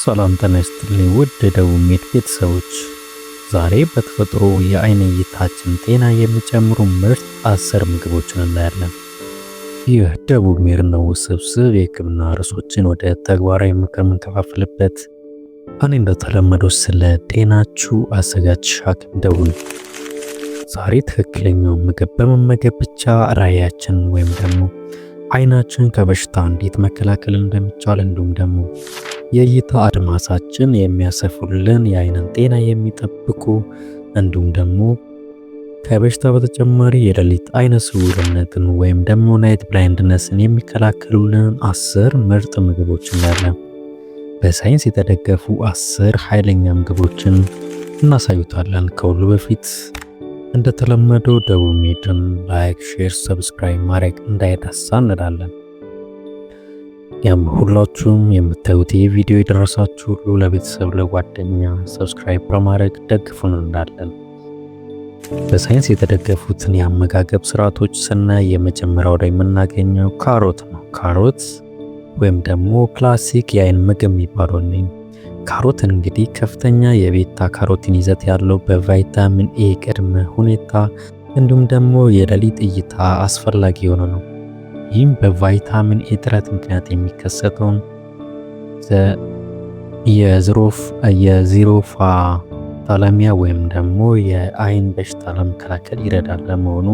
ሰላም ጤና ይስጥልኝ ውድ የደቡብ ሜድ ቤተሰቦች፣ ዛሬ በተፈጥሮ የአይን እይታችን ጤና የሚጨምሩ ምርጥ አስር ምግቦችን እናያለን። ይህ ደቡብ ሜድ ነው። ውስብስብ የሕክምና ርዕሶችን ወደ ተግባራዊ ምክር የምንከፋፍልበት እኔ እንደተለመደው ስለ ጤናችሁ አዘጋጅ ሐኪም ደውል። ዛሬ ትክክለኛው ምግብ በመመገብ ብቻ ራዕያችን ወይም ደግሞ አይናችን ከበሽታ እንዴት መከላከል እንደሚቻል እንዲሁም ደግሞ የእይታ አድማሳችን የሚያሰፉልን የአይንን ጤና የሚጠብቁ እንዲሁም ደግሞ ከበሽታ በተጨማሪ የሌሊት አይነ ስውርነትን ወይም ደግሞ ናይት ብላይንድነስን የሚከላከሉልን አስር ምርጥ ምግቦች እናያለን። በሳይንስ የተደገፉ አስር ኃይለኛ ምግቦችን እናሳዩታለን። ከሁሉ በፊት እንደተለመደው ደቡብ ሜድን ላይክ፣ ሼር፣ ሰብስክራይብ ማድረግ እንዳይደሳ እንላለን። ያም ሁላችሁም የምታዩት ይህ ቪዲዮ የደረሳችሁ ሁሉ ለቤተሰብ ለጓደኛ ሰብስክራይብ በማድረግ ደግፉን እንላለን። በሳይንስ የተደገፉትን የአመጋገብ ስርዓቶች ስናይ የመጀመሪያው ላይ የምናገኘው ካሮት ነው። ካሮት ወይም ደግሞ ክላሲክ የአይን ምግብ የሚባለው ነው። ካሮት እንግዲህ ከፍተኛ የቤታ ካሮቲን ይዘት ያለው በቫይታሚን ኤ ቅድመ ሁኔታ እንዲሁም ደግሞ የሌሊት እይታ አስፈላጊ የሆነ ነው። ይህም በቫይታሚን እጥረት ምክንያት የሚከሰተውን የዚሮፋ ታላሚያ ወይም ደግሞ የአይን በሽታ ለመከላከል ይረዳል። ለመሆኑ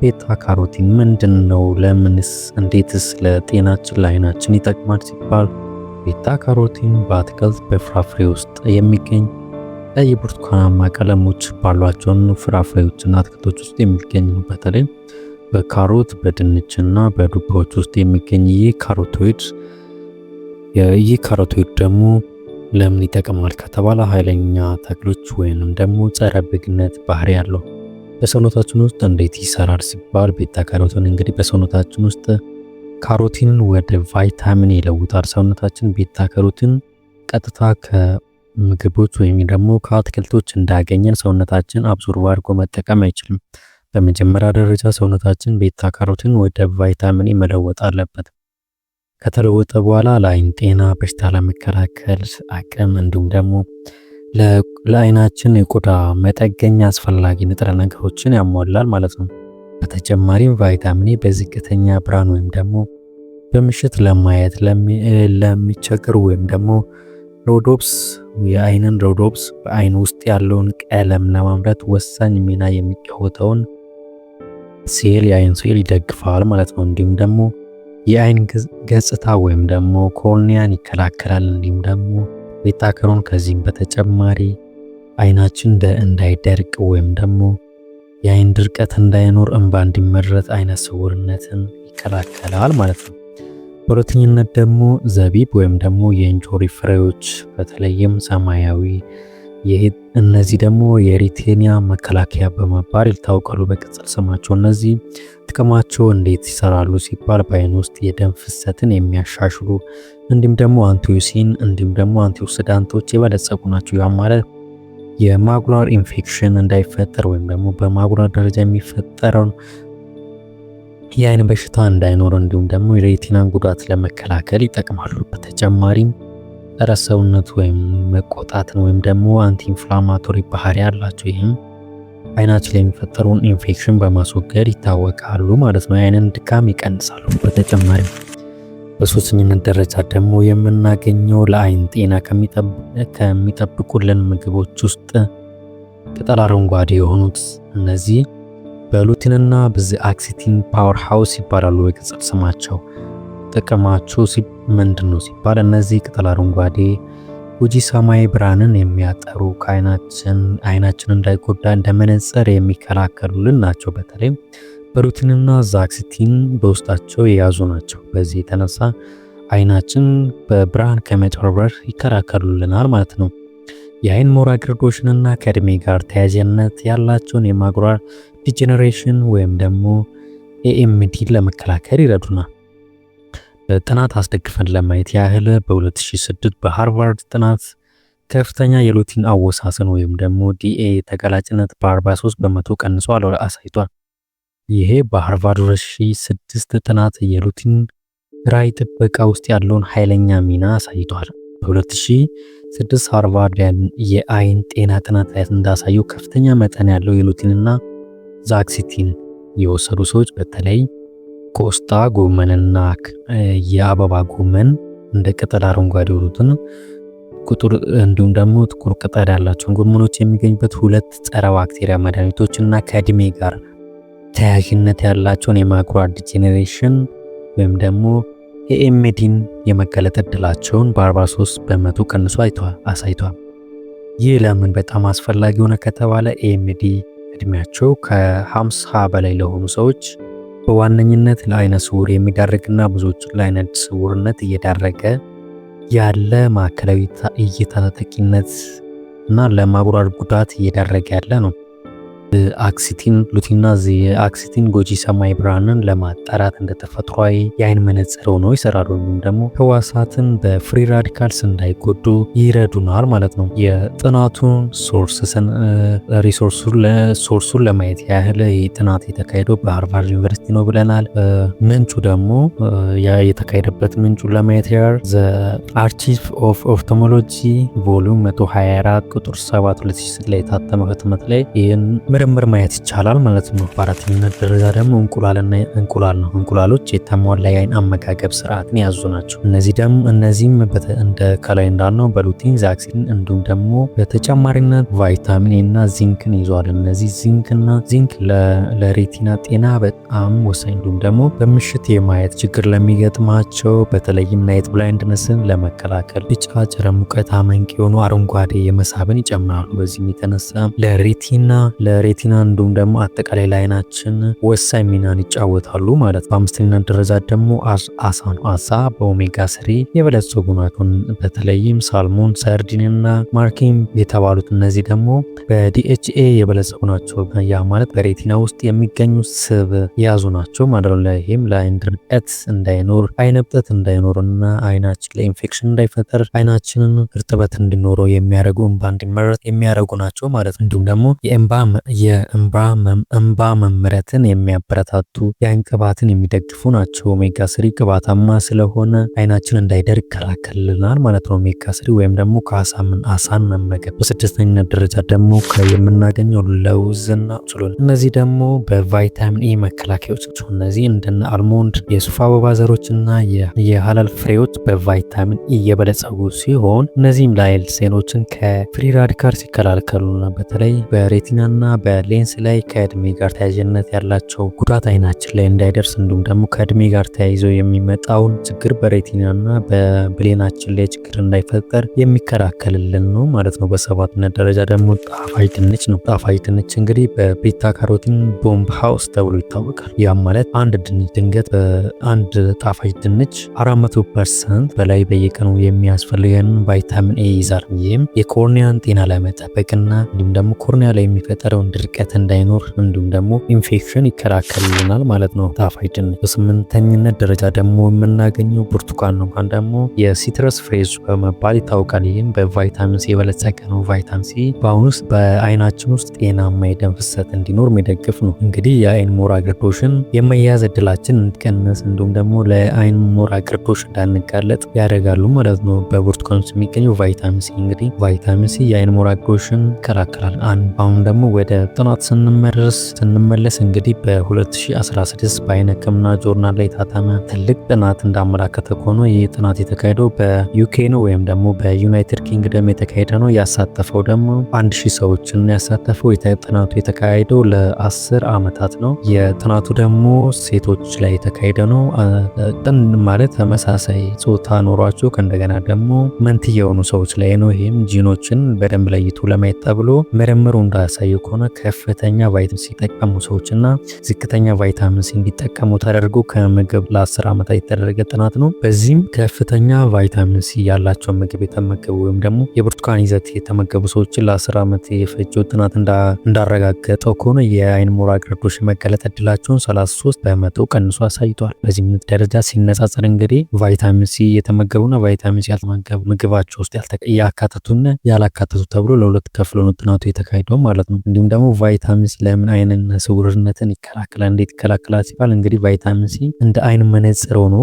ቤታ ካሮቲን ምንድን ነው? ለምንስ? እንዴትስ ለጤናችን ለአይናችን ይጠቅማል ሲባል ቤታ ካሮቲን በአትክልት በፍራፍሬ ውስጥ የሚገኝ ቀይ ብርቱካናማ ቀለሞች ባሏቸውን ፍራፍሬዎችና አትክልቶች ውስጥ የሚገኝ ነው። በተለይ በካሮት በድንችና በዱባዎች ውስጥ የሚገኝ ይህ ካሮቶይድ ይህ ካሮቶይድ ደግሞ ለምን ይጠቅማል ከተባለ ኃይለኛ ተክሎች ወይንም ደግሞ ጸረ ብግነት ባህሪ ያለው በሰውነታችን ውስጥ እንዴት ይሰራል ሲባል ቤታ ካሮቲን እንግዲህ በሰውነታችን ውስጥ ካሮቲን ወደ ቫይታሚን ይለውጣል። ሰውነታችን ቤታ ካሮቲን ቀጥታ ከምግቦች ወይም ደግሞ ከአትክልቶች እንዳገኘን ሰውነታችን አብዞርብ አድርጎ መጠቀም አይችልም። በመጀመሪያ ደረጃ ሰውነታችን ቤታ ካሮቲን ወደ ቫይታሚን መለወጥ አለበት። ከተለወጠ በኋላ ለአይን ጤና፣ በሽታ ለመከላከል አቅም እንዲሁም ደግሞ ለአይናችን የቆዳ መጠገኛ አስፈላጊ ንጥረ ነገሮችን ያሟላል ማለት ነው። በተጨማሪም ቫይታሚን በዝቅተኛ ብርሃን ወይም ደግሞ በምሽት ለማየት ለሚቸግር ወይም ደግሞ ሮዶፕስ የአይንን ሮዶፕስ በአይን ውስጥ ያለውን ቀለም ለማምረት ወሳኝ ሚና የሚጫወተውን ሲል የአይን ስዕል ይደግፋል ማለት ነው። እንዲሁም ደግሞ የአይን ገጽታ ወይም ደግሞ ኮርኒያን ይከላከላል። እንዲሁም ደግሞ ቤታከሮን ከዚህም በተጨማሪ አይናችን እንዳይደርቅ ወይም ደግሞ የአይን ድርቀት እንዳይኖር እንባ እንዲመረት አይነ ስውርነትን ይከላከላል ማለት ነው። በሁለተኝነት ደግሞ ዘቢብ ወይም ደግሞ የእንጆሪ ፍሬዎች በተለይም ሰማያዊ እነዚህ ደግሞ የሪቴኒያ መከላከያ በመባል ይታወቃሉ በቅጽል ስማቸው። እነዚህ ጥቅማቸው እንዴት ይሰራሉ ሲባል በአይን ውስጥ የደም ፍሰትን የሚያሻሽሉ እንዲሁም ደግሞ አንቲዮሲን እንዲሁም ደግሞ አንቲኦክሲዳንቶች የበለጸጉ ናቸው። ያ ማለት የማጉላር ኢንፌክሽን እንዳይፈጠር ወይም ደግሞ በማጉላር ደረጃ የሚፈጠረውን የአይን በሽታ እንዳይኖር እንዲሁም ደግሞ የሬቲናን ጉዳት ለመከላከል ይጠቅማሉ። በተጨማሪም ጸረ ሰውነት ወይም መቆጣትን ወይም ደግሞ አንቲ ኢንፍላማቶሪ ባህሪ አላቸው። ይህም አይናችን ላይ የሚፈጠሩን ኢንፌክሽን በማስወገድ ይታወቃሉ ማለት ነው። የአይንን ድካም ይቀንሳሉ። በተጨማሪም በሶስተኝነት ደረጃ ደግሞ የምናገኘው ለአይን ጤና ከሚጠብቁልን ምግቦች ውስጥ ቅጠል አረንጓዴ የሆኑት እነዚህ በሉቲንና በዚ አክሲቲን ፓወር ሃውስ ይባላሉ በቅጽል ስማቸው። ጥቅማቸው ምንድን ነው ሲባል እነዚህ ቅጠል አረንጓዴ ጉጂ ሰማያዊ ብርሃንን የሚያጠሩ ከአይናችን አይናችን እንዳይጎዳ እንደ መነጽር የሚከላከሉልን ናቸው። በተለይም በሩቲንና ዛክሲቲን በውስጣቸው የያዙ ናቸው። በዚህ የተነሳ አይናችን በብርሃን ከመጨረበር ይከላከሉልናል ማለት ነው። የአይን ሞራ ግርዶሽንና ከእድሜ ጋር ተያያዥነት ያላቸውን የማጉራር ዲጀነሬሽን ወይም ደግሞ ኤኤምዲ ለመከላከል ይረዱናል። ጥናት አስደግፈን ለማየት ያህል በ2006 በሃርቫርድ ጥናት ከፍተኛ የሉቲን አወሳሰን ወይም ደግሞ ዲኤ ተቀላጭነት በ43 በመቶ ቀንሶ አሳይቷል። ይሄ በሃርቫርድ 2006 ጥናት የሉቲን ራይ ጥበቃ ውስጥ ያለውን ኃይለኛ ሚና አሳይቷል። በ2006 ሃርቫርድ የአይን ጤና ጥናት ላይ እንዳሳየው ከፍተኛ መጠን ያለው የሉቲንና ዛክሲቲን የወሰዱ ሰዎች በተለይ ኮስታ ጎመንና የአበባ ጎመን እንደ ቅጠል አረንጓዴ የሆኑትን ቁጥር እንዲሁም ደግሞ ጥቁር ቅጠል ያላቸውን ጎመኖች የሚገኙበት ሁለት ጸረ ባክቴሪያ መድኃኒቶች እና ከእድሜ ጋር ተያያዥነት ያላቸውን የማይክሮ ዲጀኔሬሽን ወይም ደግሞ የኤምዲን የመገለጥ እድላቸውን በ43 በመቶ ቀንሶ አሳይቷል። ይህ ለምን በጣም አስፈላጊ ሆነ ከተባለ ኤምዲ እድሜያቸው ከ50 በላይ ለሆኑ ሰዎች በዋነኝነት ለአይነ ስውር የሚዳርግና ብዙዎቹን ለአይነ ስውርነት እየዳረገ ያለ ማዕከላዊ እይታ ተጠቂነት እና ለማብራር ጉዳት እየዳረገ ያለ ነው። አክሲቲን ሉቲናዝ የአክሲቲን ጎጂ ሰማይ ብርሃንን ለማጣራት እንደ ተፈጥሯዊ የአይን መነጽር ሆነው ይሰራሉ፣ ወይም ደግሞ ህዋሳትን በፍሪ ራዲካልስ እንዳይጎዱ ይረዱናል ማለት ነው። የጥናቱን ሶርሱን ለማየት ያህል ጥናት የተካሄደው በሃርቫርድ ዩኒቨርሲቲ ነው ብለናል። ምንጩ ደግሞ የተካሄደበት ምንጩ ለማየት ያህል ዘ አርቺቭ ኦፍ ኦፍቶሞሎጂ ቮሉም 124 ቁጥር 7 2006 ላይ የታተመ ህትመት ላይ ይህን በምርምር ማየት ይቻላል ማለት ነው። በአራተኝነት ደረጃ ደግሞ እንቁላልና እንቁላል ነው። እንቁላሎች የተሟላ የአይን አመጋገብ ስርዓትን የያዙ ናቸው። እነዚህ ደግሞ እነዚህም እንደ ከላይ እንዳልነው በሉቲን ዛክሲን፣ እንዲሁም ደግሞ በተጨማሪነት ቫይታሚን እና ዚንክን ይዟል። እነዚህ ዚንክና ዚንክ ለሬቲና ጤና በጣም ወሳኝ እንዲሁም ደግሞ በምሽት የማየት ችግር ለሚገጥማቸው በተለይም ናይት ብላይንድነስን ለመከላከል ቢጫ ጨረ ሙቀት አመንቂ የሆኑ አረንጓዴ የመሳብን ይጨምራሉ። በዚህም የተነሳ ለሬቲና ለሬ ሬቲና እንዲሁም ደግሞ አጠቃላይ ለአይናችን ወሳኝ ሚናን ይጫወታሉ ማለት ነው። በአምስተኛ ደረጃ ደግሞ አሳ ነው። አሳ በኦሜጋ ስሪ የበለጸጉ ናቸው። በተለይም ሳልሞን፣ ሰርዲን እና ማርኪም የተባሉት እነዚህ ደግሞ በዲኤችኤ የበለጸጉ ናቸው። ያ ማለት በሬቲና ውስጥ የሚገኙ ስብ የያዙ ናቸው ማለት ነው። ይህም ለአይን ድርቀት እንዳይኖር፣ አይን እብጠት እንዳይኖር እና አይናችን ለኢንፌክሽን እንዳይፈጠር አይናችንን እርጥበት እንዲኖረው የሚያደርጉ እንባ እንዲመረት የሚያደርጉ ናቸው ማለት ነው። እንዲሁም ደግሞ የእንባ የእንባ መምረትን የሚያበረታቱ የአይን ቅባትን የሚደግፉ ናቸው። ኦሜጋ ስሪ ቅባታማ ስለሆነ አይናችን እንዳይደር ይከላከልልናል ማለት ነው። ኦሜጋ ስሪ ወይም ደግሞ አሳን መመገብ። በስድስተኛ ደረጃ ደግሞ የምናገኘው ለውዝና ኦቾሎኒ፣ እነዚህ ደግሞ በቫይታሚን ኢ መከላከያዎች ናቸው። እነዚህ እንደነ አልሞንድ፣ የሱፍ አበባ ዘሮችና የሀላል ፍሬዎች በቫይታሚን ኢ የበለጸጉ ሲሆን እነዚህም ላይል ሴሎችን ከፍሪ ራዲካልስ ይከላከሉና በተለይ በሬቲናና በ በሌንስ ላይ ከእድሜ ጋር ተያያዥነት ያላቸው ጉዳት አይናችን ላይ እንዳይደርስ እንዲሁም ደግሞ ከእድሜ ጋር ተያይዞ የሚመጣውን ችግር በሬቲናና በብሌናችን ላይ ችግር እንዳይፈጠር የሚከላከልልን ነው ማለት ነው። በሰባትነት ደረጃ ደግሞ ጣፋጭ ድንች ነው። ጣፋጭ ድንች እንግዲህ በቤታ ካሮቲን ቦምብ ሀውስ ተብሎ ይታወቃል። ያም ማለት አንድ ድንች ድንገት በአንድ ጣፋጭ ድንች 400 ፐርሰንት በላይ በየቀኑ የሚያስፈልገን ቫይታሚን ኤ ይዛል። ይህም የኮርኒያን ጤና ለመጠበቅና እንዲሁም ደግሞ ኮርኒያ ላይ የሚፈጠረውን ድርቀት እንዳይኖር እንዲሁም ደግሞ ኢንፌክሽን ይከላከልልናል ማለት ነው ጣፋጭን። በስምንተኝነት ደረጃ ደግሞ የምናገኘው ብርቱካን ነው። አንድ ደግሞ የሲትረስ ፍሬዝ በመባል ይታወቃል። ይህም በቫይታሚን ሲ የበለጸገ ነው። ቫይታሚን ሲ በአሁኑ ውስጥ በአይናችን ውስጥ ጤናማ የደም ፍሰት እንዲኖር የሚደግፍ ነው። እንግዲህ የአይን ሞራ ግርዶሽን የመያዝ እድላችን እንዲቀንስ እንዲሁም ደግሞ ለአይን ሞራ ግርዶሽ እንዳንጋለጥ ያደርጋሉ ማለት ነው። በብርቱካን ውስጥ የሚገኘው ቫይታሚን ሲ እንግዲህ ቫይታሚን ሲ የአይን ሞራ ግርዶሽን ይከላከላል። አሁን ደግሞ ወደ ጥናት ስንመርስ ስንመለስ እንግዲህ በ2016 በአይን ሕክምና ጆርናል ላይ የታተመ ትልቅ ጥናት እንዳመላከተ ከሆነ ይህ ጥናት የተካሄደው በዩኬ ነው ወይም ደግሞ በዩናይትድ ኪንግደም የተካሄደ ነው። ያሳተፈው ደግሞ 1000 ሰዎችን ያሳተፈው። ጥናቱ የተካሄደው ለ10 ዓመታት ነው። የጥናቱ ደግሞ ሴቶች ላይ የተካሄደ ነው። ጥን ማለት ተመሳሳይ ጾታ ኖሯቸው ከእንደገና ደግሞ መንት የሆኑ ሰዎች ላይ ነው። ይህም ጂኖችን በደንብ ለይቶ ለማየት ተብሎ ምርምሩ እንዳያሳየ ከሆነ ከፍተኛ ቫይታሚን ሲጠቀሙ ሰዎችና ዝቅተኛ ቫይታሚን ሲ እንዲጠቀሙ ተደርጎ ከምግብ ለ10 ዓመታት የተደረገ ጥናት ነው። በዚህም ከፍተኛ ቫይታሚን ሲ ያላቸው ምግብ የተመገቡ ወይም ደግሞ የብርቱካን ይዘት የተመገቡ ሰዎችን ለ10 ዓመት የፈጀው ጥናት እንዳረጋገጠው ከሆነ የአይን ሞራ ግርዶሽ መገለጥ እድላቸውን 33 በመቶ ቀንሶ አሳይቷል። በዚህም ደረጃ ሲነጻጸር እንግዲህ ቫይታሚን ሲ የተመገቡና ቫይታሚን ሲ ያልተመገቡ ምግባቸው ውስጥ ያካተቱና ያላካተቱ ተብሎ ለሁለት ከፍሎ ነው ጥናቱ የተካሄደው ማለት ነው። እንዲሁም ደግሞ ደግሞ ቫይታሚን ሲ ለምን አይንና ስውርነትን ይከላከላል? እንዴት ይከላከላል ሲባል እንግዲህ ቫይታሚን ሲ እንደ አይን መነጽር ሆኖ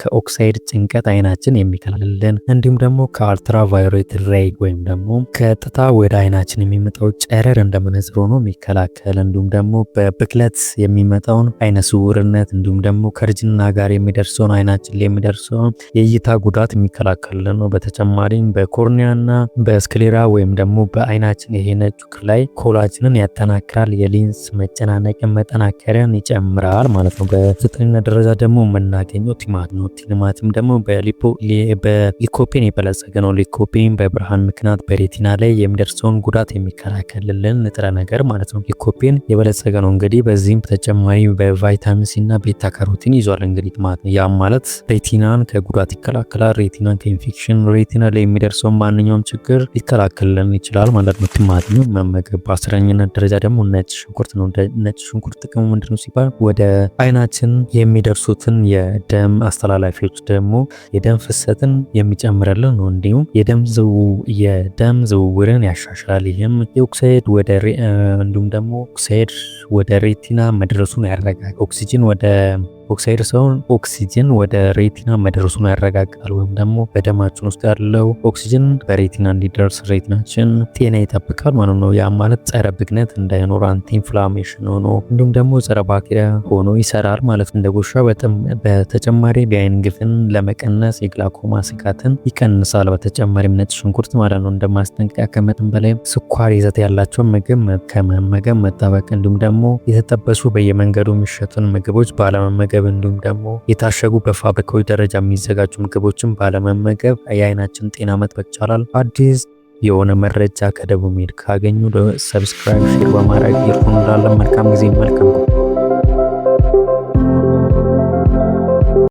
ከኦክሳይድ ጭንቀት አይናችን የሚከላከልልን እንዲሁም ደግሞ ከአልትራ ቫዮሌት ሬይ ወይም ደግሞ ቀጥታ ወደ አይናችን የሚመጣው ጨረር እንደ መነጽር ሆኖ የሚከላከል እንዲሁም ደግሞ በብክለት የሚመጣውን አይነ ስውርነት እንዲሁም ደግሞ ከእርጅና ጋር የሚደርሰውን አይናችን ላይ የሚደርሰውን የእይታ ጉዳት የሚከላከልልን ነው። በተጨማሪም በኮርኒያና በስክሌራ ወይም ደግሞ በአይናችን ይሄ ነጭ ላይ ኮላጅ ሌንሳችንን ያጠናክራል። የሊንስ መጨናነቅ መጠናከሪያን ይጨምራል ማለት ነው። በዘጠነኛ ደረጃ ደግሞ የምናገኘው ቲማቲም ነው። ቲማቲም ደግሞ በሊኮፔን የበለጸገ ነው። ሊኮፔን በብርሃን ምክንያት በሬቲና ላይ የሚደርሰውን ጉዳት የሚከላከልልን ንጥረ ነገር ማለት ነው። ሊኮፔን የበለጸገ ነው። እንግዲህ በዚህም በተጨማሪ በቫይታሚን ሲ እና ቤታ ካሮቲን ይዟል። እንግዲህ ማለት ነው። ያም ማለት ሬቲናን ከጉዳት ይከላከላል። ሬቲናን ከኢንፌክሽን፣ ሬቲና ላይ የሚደርሰውን ማንኛውም ችግር ሊከላከልልን ይችላል ማለት ነው። ቲማቲም መመገብ በአስረኛ በዋነኝነት ደረጃ ደግሞ ነጭ ሽንኩርት ነው። ነጭ ሽንኩርት ጥቅሙ ምንድነው ሲባል ወደ አይናችን የሚደርሱትን የደም አስተላላፊዎች ደግሞ የደም ፍሰትን የሚጨምረልን ነው። እንዲሁም የደም ዝውውርን ያሻሽላል። ይህም የኦክሳይድ ወደ እንዲሁም ደግሞ ኦክሳይድ ወደ ሬቲና መድረሱን ያረጋል። ኦክሲጂን ወደ ኦክሳይድ ሳይሆን ኦክሲጅን ወደ ሬቲና መድረሱን ያረጋግጣል። ወይም ደግሞ በደማችን ውስጥ ያለው ኦክሲጅን በሬቲና እንዲደርስ ሬቲናችን ጤና ይጠብቃል ማለት ነው። ያ ማለት ጸረ ብግነት እንዳይኖር አንቲ ኢንፍላሜሽን ሆኖ እንዲሁም ደግሞ ጸረ ባክቴሪያ ሆኖ ይሰራል ማለት እንደ ጎሻ። በተጨማሪ የአይን ግፍን ለመቀነስ የግላኮማ ስጋትን ይቀንሳል። በተጨማሪም ነጭ ሽንኩርት ማለት ነው እንደ ከመጠን በላይ ስኳር ይዘት ያላቸውን ምግብ ከመመገብ መጠበቅ እንዲሁም ደግሞ የተጠበሱ በየመንገዱ የሚሸጡን ምግቦች ባለመመገብ መመገብ እንዲሁም ደግሞ የታሸጉ በፋብሪካዎች ደረጃ የሚዘጋጁ ምግቦችን ባለመመገብ የአይናችን ጤና መጠበቅ ይቻላል። አዲስ የሆነ መረጃ ከደቡብ ሜድ ካገኙ ሰብስክራይብ፣ ሼር በማድረግ ይርፉን። እንላለን መልካም ጊዜ መልካም